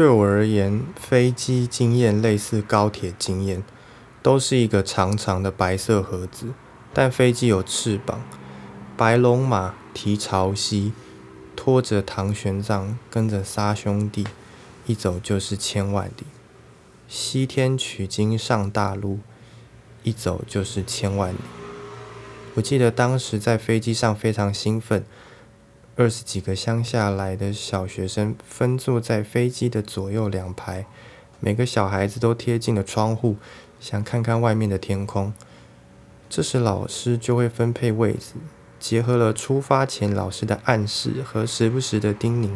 對我而言，飛機經驗類似高鐵經驗，都是一個長長的白色盒子。但飛機有翅膀，白龍馬蹄朝西，拖着唐玄奘，跟着仨兄弟，一走就是千萬里。西天取經上大路，一走就是千萬里。我記得當時在飛機上非常興奮。二十幾個鄉下來的小學生分坐在飛機的左右兩排，每個小孩子都貼近了窗戶，想看看外面的天空。這時老師就會分配位置，結合了出發前老師的暗示和時不時的叮嚀，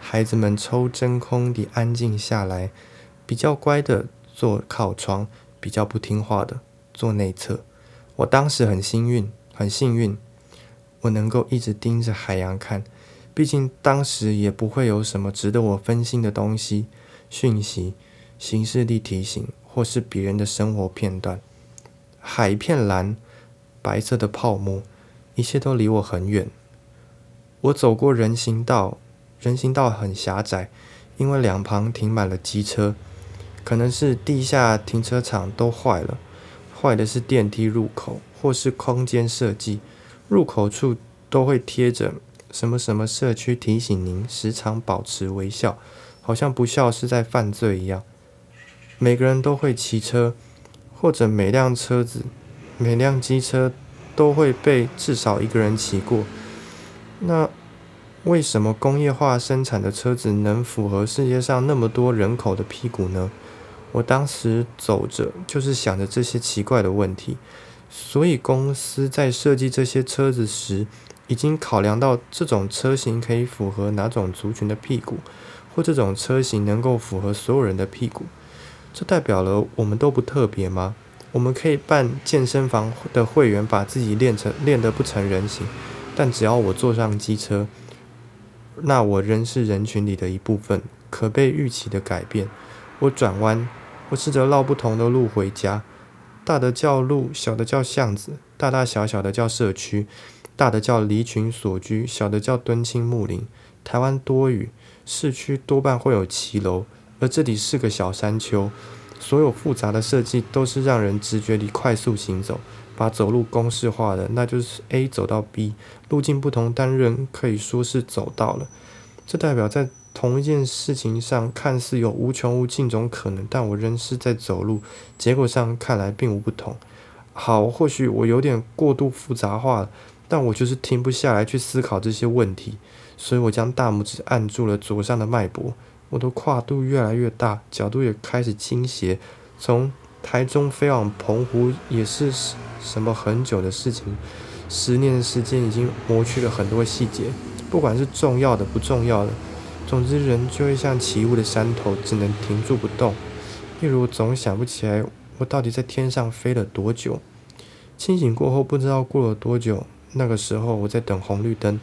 孩子們抽真空地安靜下來。比較乖的坐靠窗，比較不聽話的坐內側。我當時很幸運，很幸運。我能夠一直盯着海洋看，畢竟當時也不會有什麼值得我分心的東西、訊息、行事曆提醒，或是別人的生活片段。海一片藍，白色的泡沫，一切都離我很遠。我走過人行道，人行道很狹窄，因為兩旁停滿了機車，可能是地下停車場都壞了，壞的是電梯入口，或是空間設計。入口處都會貼着什麼什麼社區提醒您時常保持微笑，好像不笑是在犯罪一樣。每個人都會騎車，或者每輛車子、每輛機車都會被至少一個人騎過。那為什麼工業化生產的車子能符合世界上那麼多人口的屁股呢？我當時走着就是想着這些奇怪的問題。所以公司在設計這些車子時，已經考量到這種車型可以符合哪種族群的屁股，或這種車型能夠符合所有人的屁股。這代表了我們都不特別嗎？我們可以辦健身房的會員，把自己練成練得不成人形，但只要我坐上機車，那我仍是人群裡的一部分，可被預期的改變。我轉彎，我試着繞不同的路回家。大的叫路，小的叫巷子，大大小小的叫社區。大的叫離群索居，小的叫敦親睦鄰。台灣多雨，市區多半會有騎樓，而這裡是個小山丘，所有複雜的設計都是讓人直覺裡快速行走，把走路公式化的，那就是 A 走到 B，路徑不同，但人可以說是走到了。這代表在。同一件事情上，看似有無窮無盡種可能，但我仍是在走路，結果上看來並無不同。好，或許我有點過度複雜化了，但我就是停不下來去思考這些問題，所以我將大拇指按住了左上的脈搏，我的跨度越來越大，角度也開始傾斜。從台中飛往澎湖也是什麼很久的事情，十年的時間已經磨去了很多細節，不管是重要的，不重要的。總之，人就會像起霧的山頭，只能停住不動。例如，總想不起來我到底在天上飛了多久。清醒過後，不知道過了多久，那個時候我在等紅綠燈。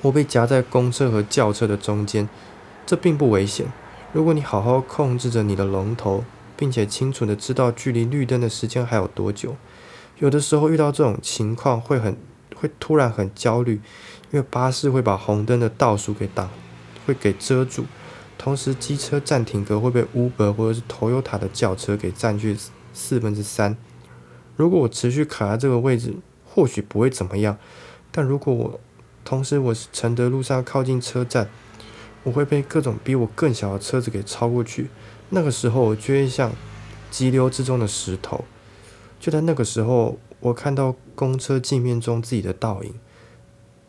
我被夾在公車和轎車的中間，這並不危險。如果你好好控制着你的龍頭，並且清楚地知道距離綠燈的時間還有多久，有的時候遇到這種情況會很會突然很焦慮，因為巴士會把紅燈的倒數給擋。會給遮住，同時機車暫停格會被 Uber 或者是 Toyota 的轎車給占據四分之三。如果我持續卡在這個位置，或許不會怎麼樣；但如果我同時我是承德路上靠近車站，我會被各種比我更小的車子給超過去。那個時候，我就會像激流之中的石頭。就在那個時候，我看到公車鏡面中自己的倒影，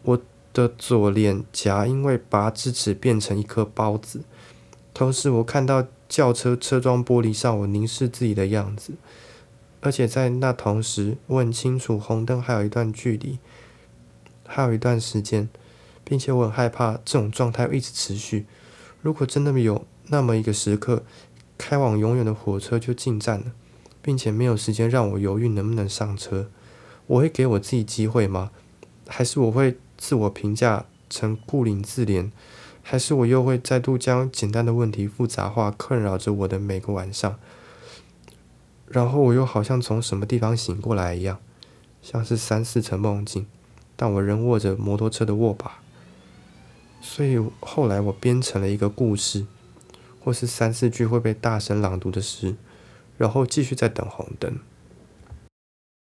我。的左臉頰因為拔智齒變成一顆包子。同時，我看到轎車車窗玻璃上，我凝視自己的樣子。而且在那同時，我很清楚紅燈還有一段距離，還有一段時間，並且我很害怕這種狀態會一直持續。如果真的有那麼一個時刻，開往永遠的火車就進站了，並且沒有時間讓我猶豫能不能上車，我會給我自己機會嗎？還是我會？自我評價成顧影自憐，還是我又會再度將簡單的問題複雜化，困擾着我的每個晚上。然後我又好像從什麼地方醒過來一樣，像是三四層夢境，但我仍握着摩托車的握把。所以後來我編成了一個故事，或是三四句會被大聲朗讀的詩，然後繼續在等紅燈。